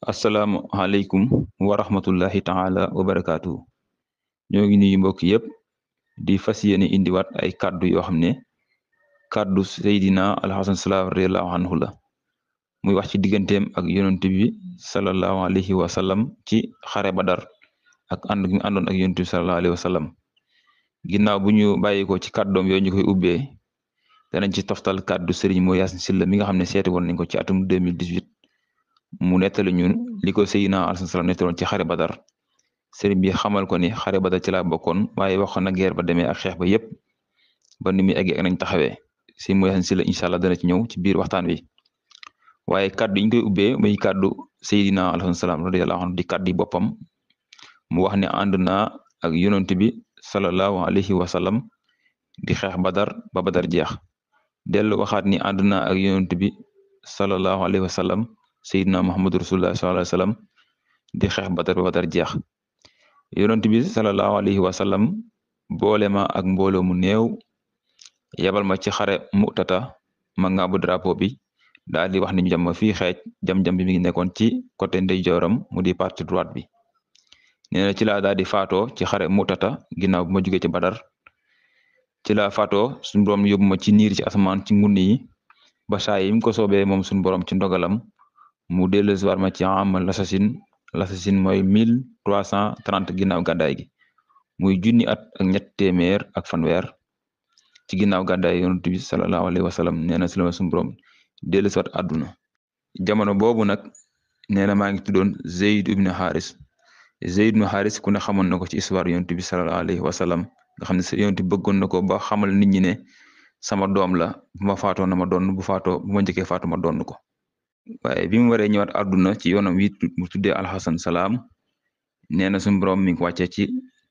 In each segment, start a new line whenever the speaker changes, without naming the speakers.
asalaamu aleykum wa rahmatullahi taala wa barakaatu ñoo ngi nuyu mbokk yëpp di fas yéene indiwaat ay kàddu yoo xam ne kàddu seydina alxasan salaam radiallahu anhu la muy wax ci digganteem ak yonent bi salallahu alayhi wa sallam ci xare badar ak ànd gi àndoon ak yonent bi salallahu alayhi wa sallam ginnaaw bu ñu bàyyikoo ci kàddoom yooyu ñu koy ubbee danañ ci toftal kàddu sëriñ moo yaasin silla mi nga xam ne seeti woon nañ mu nettali ñun li ko Seydina Aleyhi salaam nettaloon ci xare Badar sëriñ bi xamal ko ni xare Badar ci laa bokkoon waaye waxoon na guerre ba demee ak xeex ba yépp ba ni muy eggee ak nañ taxawee si mu yasin si la incha allah ci ñëw ci biir waxtaan wi waaye kaddu yi koy ubbee muy kaddu Seydina Aleyhi salaam radiyallahu anhu di kaddu bopam mu wax ni ànd naa ak yonent bi sallallahu alayhi wa sallam di xeex Badar ba Badar jeex dellu waxaat ni ànd naa ak yonent bi sallallahu alayhi wa Seydina hmm. Muhammadu Rasulullah sallallahu alayhi wa sallam di xeex Badar ba jeex yonent bi sallallahu alayhi wa sallam boole ma ak mbooloo mu néew yebal ma ci xare Mu'tata ma nga bu bi daal di wax ni ñu jam ma fii xeej jam-jam bi mi ngi nekkoon ci côté ndeyjooram mu di partie droite bi nee ci laa daal di faatoo ci xare Mu'tata ginnaaw bu ma jugee ci Badar ci laa faatoo suñu borom yóbbu ma ci niir ci asamaan ci ngunni yi ba saa yi mu ko soobee moom suñu borom ci ndogalam mu dellusi war ma ci amal lasasin lasasin mooy mille trois cent trente ginnaaw gàddaay gi muy junni at ak ñett téeméer ak fanweer ci ginnaaw gàddaay yonent bi sallallahu alayhi wa sallam nee na si la suñu borom dellusi waat àdduna jamono boobu nag nee na maa ngi tuddoon Zeyd ibnu Haris Zeyd ibnu Haris ku ne xamoon na ko ci histoire yonent bi sallallahu alayhi wa nga xam ne sa yonent bëggoon na ko ba xamal nit ñi ne sama doom la bu ma faatoo na ma doon bu faatoo bu ma njëkkee faatu ma doon ko waaye bi mu waree ñëwaat àdduna ci yoonam wi mu tuddee alxasan salaam nee na suñu borom mi ngi ko wàccee ci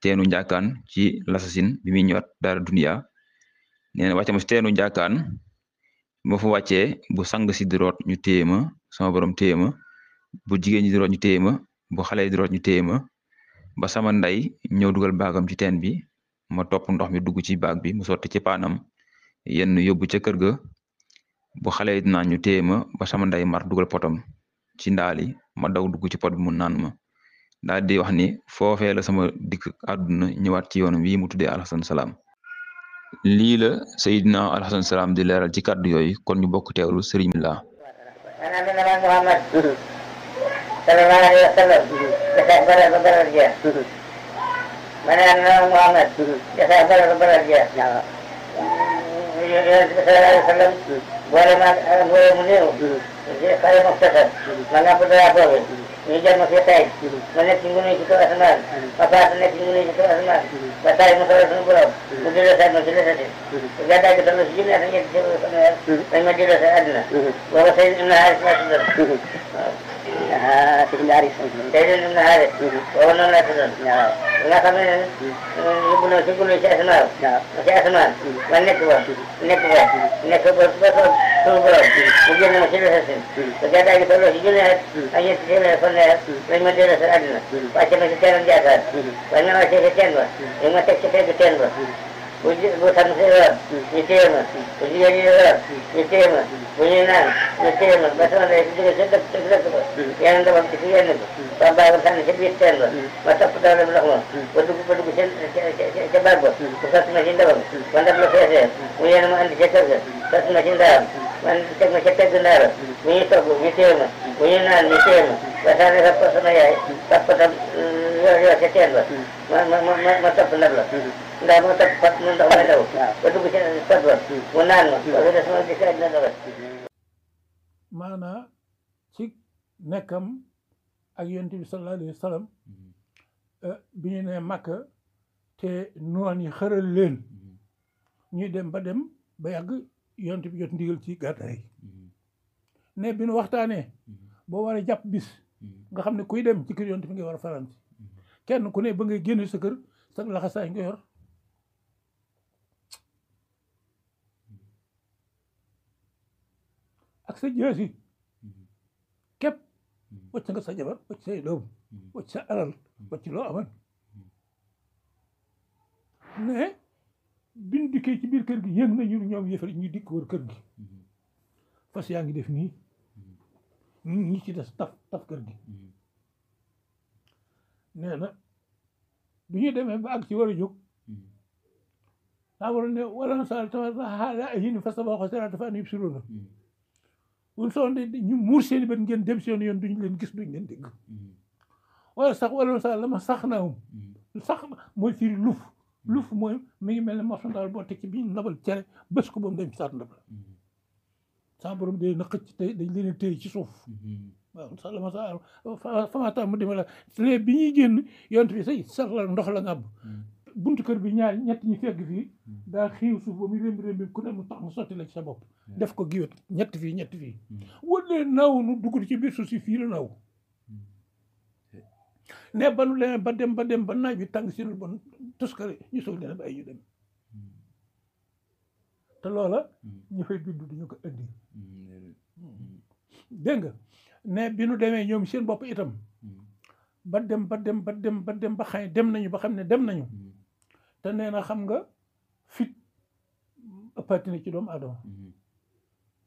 teenu njàkkaan ci lasasin bi muy ñëwaat daara duniya nee na wàcce ma si teenu njàkkaan boo fa wàccee bu sang si di root ñu téye ma sama borom téye ma bu jigéen ñi di ñu téye ma bu xale yi ñu téye ma ba sama ndey ñëw dugal baagam ci teen bi ma topp ndox mi dugg ci baag bi mu sotti ci paanam yenn yóbbu ca kër ga bu xale yi dinaa ñu téye ma ba sama nday mar dugal potam ci ndaali ma daw dugg ci pot bi mu naan ma daal wax ni foofee la sama dikk àdduna ñëwaat ci yoon wii mu tuddee alxasan salaam lii la Seydina di leeral ci kàddu yooyu kon ñu bokk teewlu sëriñ la
ولا ولا منيره قال مختصر من أقول لا فوضي يجي الموسيقى من يتنقون يشكو أثمان وفاة من يتنقون يشكو أثمان وطاي مخلص القلوب مجلسة مجلسة وقد أجد المسجين أن يتنقون المجلسة أدنى ورسين إنها أسماء Ah, secondary something. Jadi tu nak, oh no nak tu, nak, nak kami, ibu nak ibu nak saya semal, saya semal, mana tu, mana tu, mana tu bos bos bos tu bos, mungkin nama siapa sahaja. Kerja dah kita lalu hijau lah, ayat hijau lah, pun lah, lain macam lah sekarang lah. Pasal macam sekarang dia kan, banyak macam sekarang lah, yang macam sekarang sekarang lah. உதம்சேவ நிச்சயம் உதயவ நிச்சயம் உயிரின நிச்சயம் ஏனந்த பக்தி செய்யணும் பாபாவசான செல்விஸ்தேன் மத்தப்பட்டாலும் விலகும் ஒதுக்கு பொடுக்கு செப்பார்ப்பு சத்ம சிந்தவம் வந்தப்புல சேசு உயிரினம் அந்த செத்தது சத்ம சிந்தாரம் சத்ம செத்ததுனார் மீசப்பு நிச்சயம் உயிரின நிச்சயம் வசான சப்ப சமய சப்பதம் செத்தேன் மத்தப்பட்டாலும் ndax ma
topp ci nekkam ak yonent bi sallallahu alayhi wa ñu nee Makka te noon yi xëral leen ñuy dem ba dem ba yàgg yonent bi jot ndigal ci gàddaay ne bi nu waxtaanee boo waree jàpp bis nga xam ne kuy dem ci kër yonent bi nga war a faranti kenn ku ne ba ngay génn sa kër sa laxasaay nga yor sa jeesi képp wacc nga sa jabar wacc say doom wacc sa alal wacc loo amoon mais biñ ci biir kër gi yëg na ñun ñoom yëfal ñu dikk wër kër gi fas yaa ngi def nii ñun ñi ci des taf taf kër gi nee na bu ñu demee ba àgg ci war a jóg daa war a ne wala na sa tamaa xaala ayin fas tabaxo siraata fa an yubsiruuna bu soxla ñu muur seen i bët ngeen dem seen yoon duñ leen gis duñ leen dégg. Mm-hmm. wala sax wala sax la ma sax naawum. Mm-hmm. sax mooy firi luuf. Mm-hmm. luf mooy mi ngi mel ne morso ndaal boo ci bi ñu nabal cere bés ko ba mu dem ci saat ndab la. saa borom day na xëcc tey dañ leen a téye ci suuf. waaw sax ma sax fa ma tax mu demee la bi ñuy génn yonent bi say sax la ndox la ngàbb. bunt kër bi ñaar ñett ñi fegg fii hmm. daa xiiw suuf ba mu rémbi ku ne mu tax mu sotti la ci sa bopp def ko giwét ñett fii ñett fii hmm. walee naaw nu dugul ci biir suuf si fii la naaw hmm. ne ba nu leen ba dem ba dem ba naaj bi tàng si lu bon tuskare ñu suuf leen ay ñu dem loola ñu fay dund duñu ko bi nu demee ñoom seen bopp itam ba dem ba dem ba dem ba dem ba dem nañu ba xam ne dem nañu te nee na xam nga fit ëppati na ci doomu aadama mm-hmm.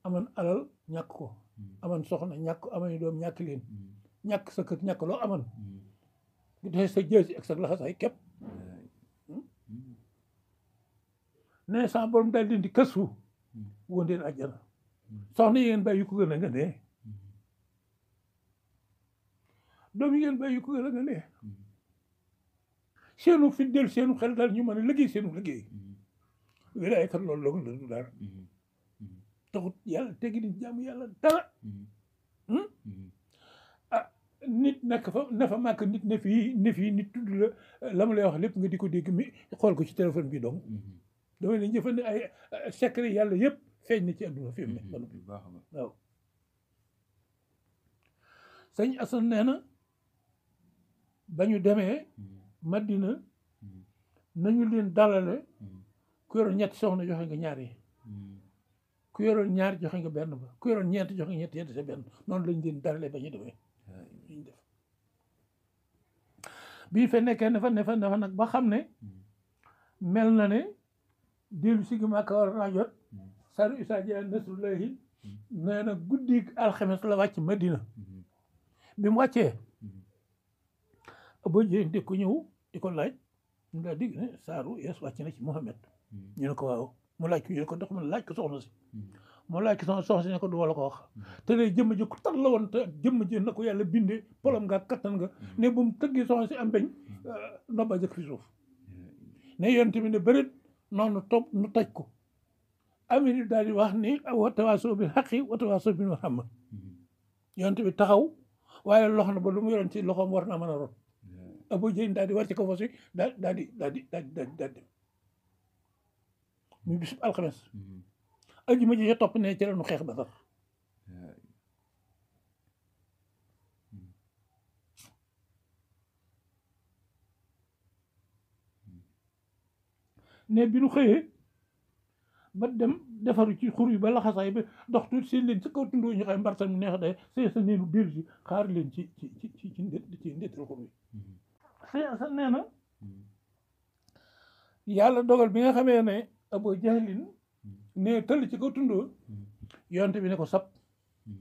aman alal ñàkk ko mm-hmm. aman soxna ñàkk ko aman doom ñàkk leen mm-hmm. ñàkk sa kër ñàkk loo aman di dee sa jësi ak sa laxasaay képp ne sa borom daal leen di kësu woon leen soxna yi ngeen bàyyi yu ko gën a nga nee doom yi ngeen bàyyi yu ko gën nga nee seenu fidèle seenu xel daal ñu mën a liggéey seenu liggéey wilaay kat loolu loolu lañu dara taxut yàlla tegi ni jaamu yàlla dara ah nit nekk fa na fa màkk nit ne fii ne fii nit tudd la la mu lay wax lépp nga di ko dégg mi xool ko ci téléphone bi dong damay ne jëfandi ay secret yàlla yëpp feeñ na ci àdduna fi mu ne waaw sëñ Assane nee na ba ñu demee Madina mm-hmm. nañu leen dalale mm-hmm. ku yoroon ñetti soxna joxe nga ñaar yi mm-hmm. ku yoroon ñaar joxe nga benn ba ku yoroon ñeent joxe nga ñetti ñetti sa benn noonu lañ leen dalale ba ñu demee bii fe nekkee ne fa ne fa ne fa nag ba xam ne mel na ne dellu si gi Màkka war naa jot saru isa jaa nasrullahi nee na guddi alxames la wàcc Madina bi mu wàccee ba jënte ku ñëw di ko laaj mu daal di ne saaru yees wàcc na ci Mouhamed hmm. ñu ne ko waaw mu laaj ko ñu ne ko ndax mu laaj ko soxna si hmm. mu laaj ko soxna soxna si ne ko du wala ko wax hmm. te ne jëmm ji ku la woon te jëmm ko yàlla bindee polom nga kattan nga ne bu mu tëggee soxna si am beñ euh, nobba jëkk fi suuf ne yoon tamit ne bërit noonu toog nu taj ko amiri daal di wax ni watawaaso bi xaqi watawaaso bi Muhammad yoon tamit taxaw waaye loxo na ba lu mu yoroon ci loxoom war naa mën a Abu Jahl daal di war ci kaw fas wi daal daal di daal di daal di daal di muy bisub alxames mm-hmm. ajuma ji ca topp ne ci lañu xeex ba sax mm-hmm. ne bi nu xëyee ba dem defaru ci xur yi ba laxasaay ba dox tuuti seen leen ci kaw tundoo ñu xay mbartal mu neex day see sa neenu biir ji xaar leen ci ci ci ci ci ndétal xur yi sa nee na hmm. yàlla dogal bi nga xamee ne Abu Jahlin ne tëll ci ko tundoo hmm. yonte bi ne ko sab hmm.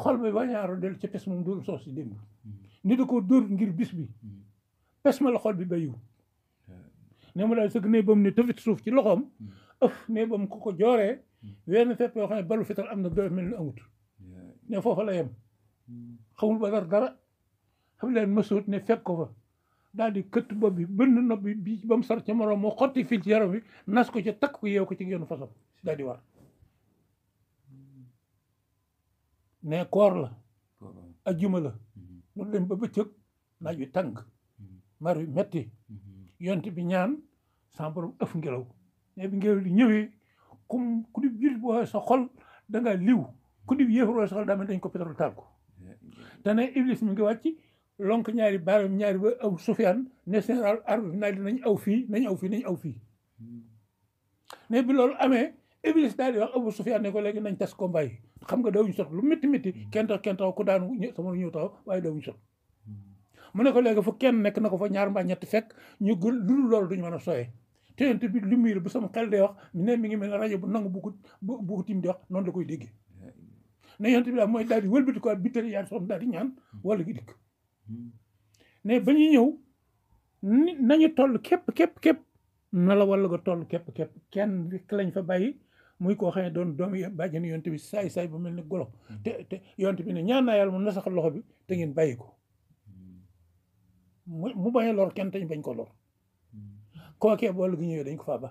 xol bi wañaaru del ci pes moom dóor soos si démb ni da ko dóor ngir bis bi pes ma la xol bi bayiwu ne mu daal sëgg ne bam ne tëfit suuf ci loxoom ëf ne bam ko ko jooree wenn fepp yoo xam ne balu fital am na doy mel ni amut ne foofa la yem xamul ba dara dara xam leen mësuut ne fekk ko fa daal di këtt bopp bi bënn nopp bi bii ba mu sar ca morom moo xotti fil ci yaram bi nas ko ca takk ko yeew ko ci ngeenu fasam daal di war ne koor la ajjuma la mhm. mu dem ba bëccëg naaj wi tàng mhm. mar wi metti mhm. yonte bi ñaan sans borom ëf ngelaw ne bi ngelaw li ñëwee kum ku di jur bo sa xol da nga liw ku di yéefar sa xol daa mel dañ ko pétrole taal ko eh, te iblis mi ngi wàcc lonk ñaari baram ñaari ba aw sufyan ne général arme naa di nañ aw fi nañ aw fi nañ aw fi ne hmm. bi lolou amé iblis dal di wax abou sufyan ne ko legi nañ tass combat yi xam nga dawuñ sot lu metti metti kento hmm. kento ku daanu sama ñu taw way dawuñ sot hmm. mu ne ko legi fu kenn nek nako fa ñaar mbaa ñett fek ñu gul lu loolu duñ mën a soyee téyent bi lumière bu sama xel de wax ne mi ngi mel ne bu nangu bu ko bu ko tim di wax non la koy déggee ne yent bi daal mooy daal di wëlbati ko bitter yaar soxna dal di ñaan wala gi dik ne ba ñuy ñëw nañu toll képp képp képp na la wala nga toll képp képp kenn rek lañ fa bàyyi muy koo xam doom doon doomu bàjjen yonte bi saay saay bu mel ni golo hmm. te te yonte bi ne ñaan naa yàlla mu nasaxal loxo bi te ngeen bàyyi ko hmm. mu bañ a lor kenn tañ bañ ko lor hmm. kookee boole gi ñëwee dañ ko faa ba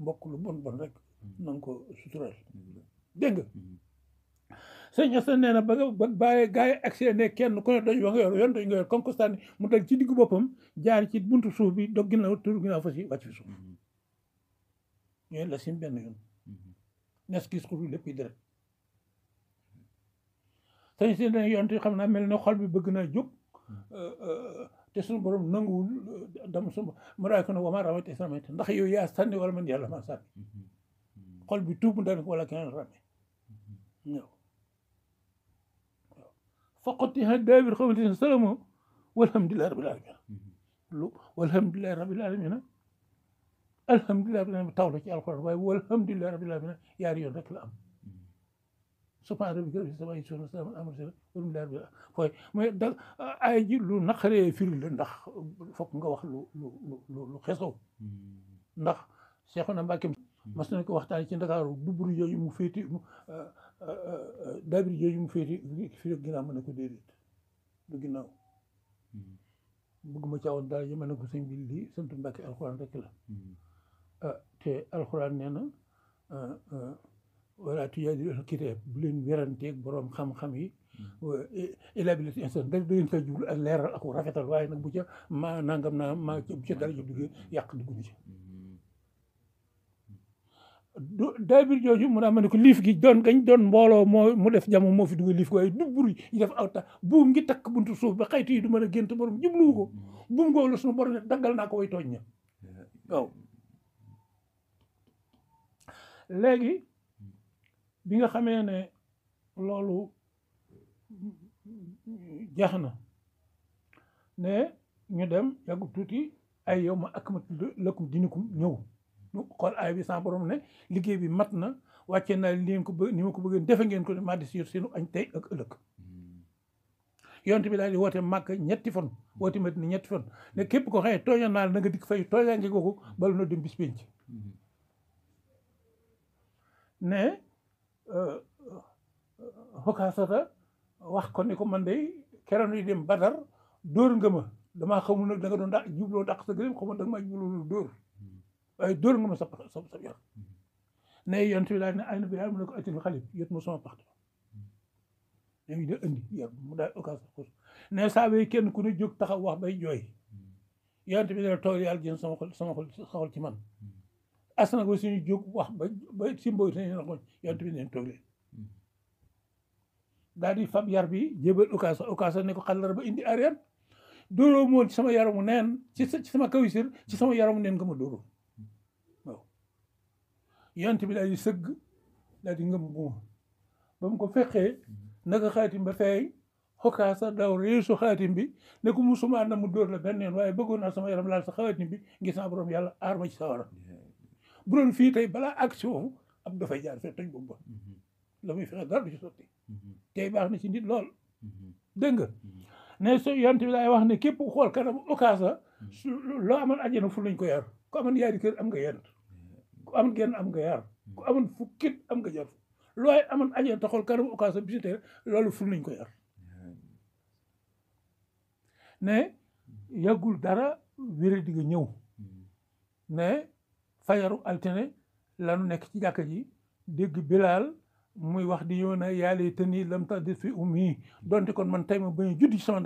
mbokk lu bon bon rek na ko sutural dégg sëñ Assane nee na ba nga ba bàyyi gars yi ne kenn ku ne doj ba nga yoon doj nga yor konko sànni mu dal ci diggu boppam jaar ci buntu suuf bi dog ginnaaw tur gi fas yi wàcc suuf ñooy mm-hmm. la sim benn yoon mm-hmm. nes ko ne yoon xam naa mel ne xol bi bëgg naa jóg mm-hmm. euh, euh, te suñu borom nanguwul euh, dam suñu mu raay ko ne wama ramate ndax yow yaa sànni ma sànni xol bi tuub mu daan ko wala keneen فقط هداي بالخبر سلمه والحمد لله رب العالمين والحمد لله رب العالمين الحمد لله رب العالمين تولك يا القرآن والحمد لله رب العالمين يا ريو ذاك الأم سبحان ربك رب السماء يسوع السلام الأمر سلام والحمد لله رب العالمين فوي ما يدل عاجل لو نخر في النخ فوق نقوى لو لو لو خيصو نخ شيخنا باكم مثلا كو وقت على كندا كارو دبر يجي مفيتي آه، Euh, euh, euh, daabir jooju mu féeti fi rek ginnaaw ma ne ko déedéet du ginnaaw hmm. bëgguma caawoon daal ji ma ne ko sëñ bi lii sant Mbàkke alxuraan rek la hmm. te alxuraan nee na wala tujaadil kitaab bu leen teeg boroom xam-xam yi ilaa bi la si instant da ngeen sa jublu ak leeral ak rafetal waaye nag bu ca maa nangam naa ma bu ca dara jub duggee yàq du daabir jooju mu ne ku liif gi doon gañ doon mbooloo moo mu def jamono moo fi dugal liif gi waaye du yi def aw tax buum ngi takk buntu suuf ba xaytu yi du mën a gént borom jubluwu ko buum googu la suñu borom daggal na ko way tooñ ña waaw léegi bi nga xamee ne loolu jeex na ne ñu dem yàggu tuuti ay yow ma akmat lëkkum dinakum ñëw mu xool ay bi sans borom ne liggéey bi mat na wàcce naa li ngeen ko bëgg ni ko bëggee defe ngeen ko maa di si seenu añ tey ak ëllëg hmm. yonte bi daal di woote màkk ñetti fan woote Madina ñetti fan ne képp ko xëye tooñoon naa la na nga dikk fay tooñaa ngi kooku bala noo dem bis penc hmm. ne xokaasata euh, euh, wax ko ne ko man day keroon yi dem Badar dóor nga ma damaa xamul danga doon dàq jubloo dàq sa gëléem xamul da nga maa jubloo dóor ويدور من صبر صبر صبر ناي أنت بلا أنا بلا ملك أتى الخليفة يتمسون بحده نعم يدو أني يا مدا أكاس خوش ناي سابي كن كن يجوك تخوه بي جوي يا أنت بلا تقول يا الجن سما خل سما خل خال كمان أصلا قوي سين يجوك واه بي بي سين بوي سين يلاقون يا أنت بلا تقول داري فاب ياربي جبل أكاس أكاس نيكو خلر بي إندي أريان دورو مود yant bi daal sëgg daal di ngëm guuma ba mu ko fekkee naka xaatim ba feey xokkaasa daw réesu xaatim bi ne ko musuma ànd mu dóor la benn yoon waaye bëggoon naa sama yaram laal sa xaatim bi ngis naa borom yàlla ci sawara bu fii tey balaa action woowu ab dafay jaar fee toj boobu ba la muy na ci nit lool dégg nga ne so yant bi daay wax ne képp xool kanam okaasa loo amoon ajjana fu lañ ko yar ko amoon yaari kër am nga yent ku amoon genn am nga yaar ku amoon fukkit am nga jar looy amoon añee taxol karam occasion bisite loolu ful nañ ko yar ne yàggul dara wéri di nga ñëw ne fajaru altine lanu nekk ci jàkka ji dégg bilaal muy wax di yow na yàlla te ni lam tax di fi ummi donte kon man tey ma bañ a juddi ci sama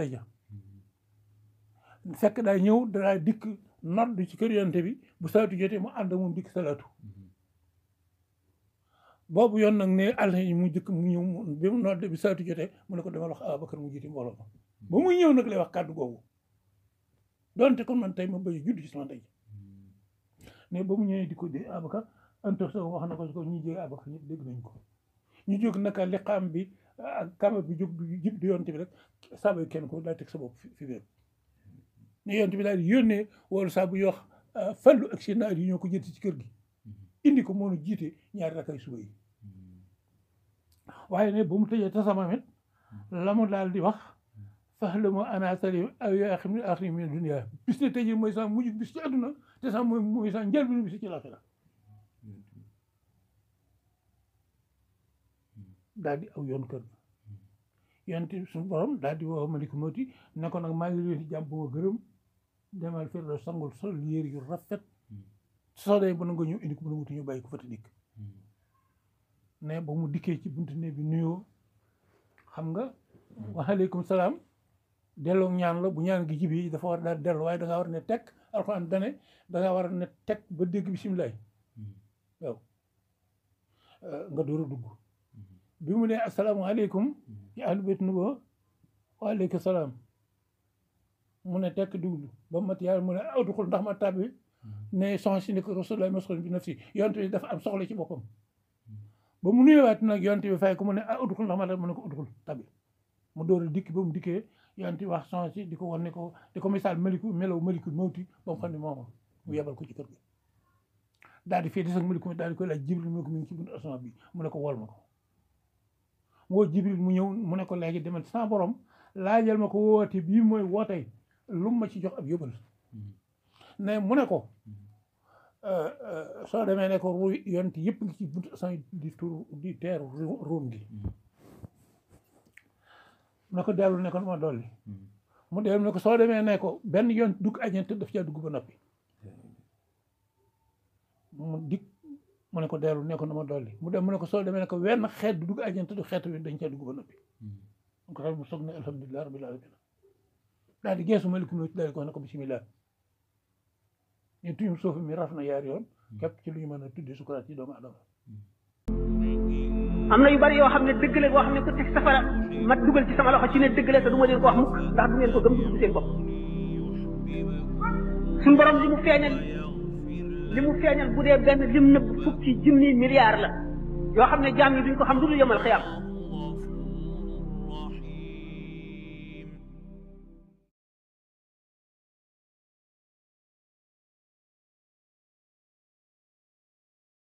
fekk daa ñëw daa dikk noddu ci kër yonent bi bu salaatu jotee mu ànd moom dikk salaatu boobu yoon nag ne àll yi mu jëkk mu ñëw bi mu nodd bi salaatu jotee mu ne ko dama wax Abakar mu jiite mbooloo ma ba muy ñëw nag lay wax kàddu googu doonte kon man tey ma bay judd ci sama tey ne ba mu ñëwee di ko dee Abakar anto wax na ko ko ñu jóge Abakar ñëpp nañ ko ñu jóg naka liqaam bi ak kama bi jóg jib di yonent bi rek saabay kenn ko daa teg sa bopp fi fi ne yonent bi daal yónnee wóolu saa bu yox euh, fallu ak seen naat yi ñoo ko jënd ci kër gi mm-hmm. indi ko moonu jiite ñaari rakay suba yi waaye ne bu mu tëjee tasamamit mm-hmm. la lamu daal di wax mm-hmm. faxla mo anatari axim axrim min dunia bis ne tëjee mooy sa mujj bis ci àdduna te sa mooy mooy sa njël ci laaxira daal aw yoon kër ga yonent suñu borom daal di woo maliku ne ko nag maa ngi leen di jàmm gërëm demal firlo sangul sol yére yu rafet solee ba na nga ñëw indi ko bu na wuti ñu bàyyi fa te ne ba mu dikkee ci buntu ne bi nuyoo xam nga waaleykum salaam delloo ñaan la bu ñaan gi jibi dafa war daal dellu waaye da war ne tekk alxuraan dane da ngaa war ne tekk ba dégg bisimilaay waaw nga door a dugg bi mu ne asalaamaaleykum ya ahlu bayt nubo waaleykum salaam mu ne tekk diwlu ba mat yàlla mu ne aduxul ndax ma tàbbi hmm. ne son si ni ko rasulullah masxon bi naf si yonte bi dafa am soxla ci boppam ba mu nuyewaat nag yonte bi fay ko mu ne aduxul ndax ma tàbbi mu ne ko aduxul tàbbi mu door a dikk ba mu dikkee yonte wax son si di ko wan ko di ko misaal maliku melaw mawti ba mu xam ne moom mu yebal ko ci kër gi daal di fii des ak maliku daal jibril mu ne ko mu ngi ci bi mu ne ko wol ma ko woo mu ñëw mu ne léegi demal sans borom laajal ma ko woote bii mooy wootey lum ma ci jox ab yóbbal hmm. ne mu ne ko hmm. euh, euh, soo demee ne ko ruuy yonent yëpp ngi ci buntu san di tur di teeru ruum gi hmm. na dellu ne ma dolli mu dellu ne ko soo demee ne ko benn yoon dugg añeen te daf caa dugg ba noppi mu dikk mu ne ko dellu ne ko na ma dolli mu dem mu ne ko soo demee ne ko wenn xeet du dugg añeen te du xeet wi dañ caa dugg ba noppi mu ko xam mu soog ne alhamdulilah rabbil alamin daa di geesu malikum la ko wax ne ko bisimilah ñun tuñu suuf mi raf na yaar yoon képp ci lu ñu mën a tuddee sukuraat ci doomu adama am na yu bari yoo xam ne dëgg la boo xam ne ku teg safara ma dugal ci sama loxo ci ne dëgg la te du ma leen ko wax mukk ndax du ngeen ko gëm du seen bopp suñ borom li mu feeñal li mu feeñal bu dee benn lim nëbb fukki junni milliard la yoo xam ne jaam yi duñ ko xam lu dul yemal xiyaam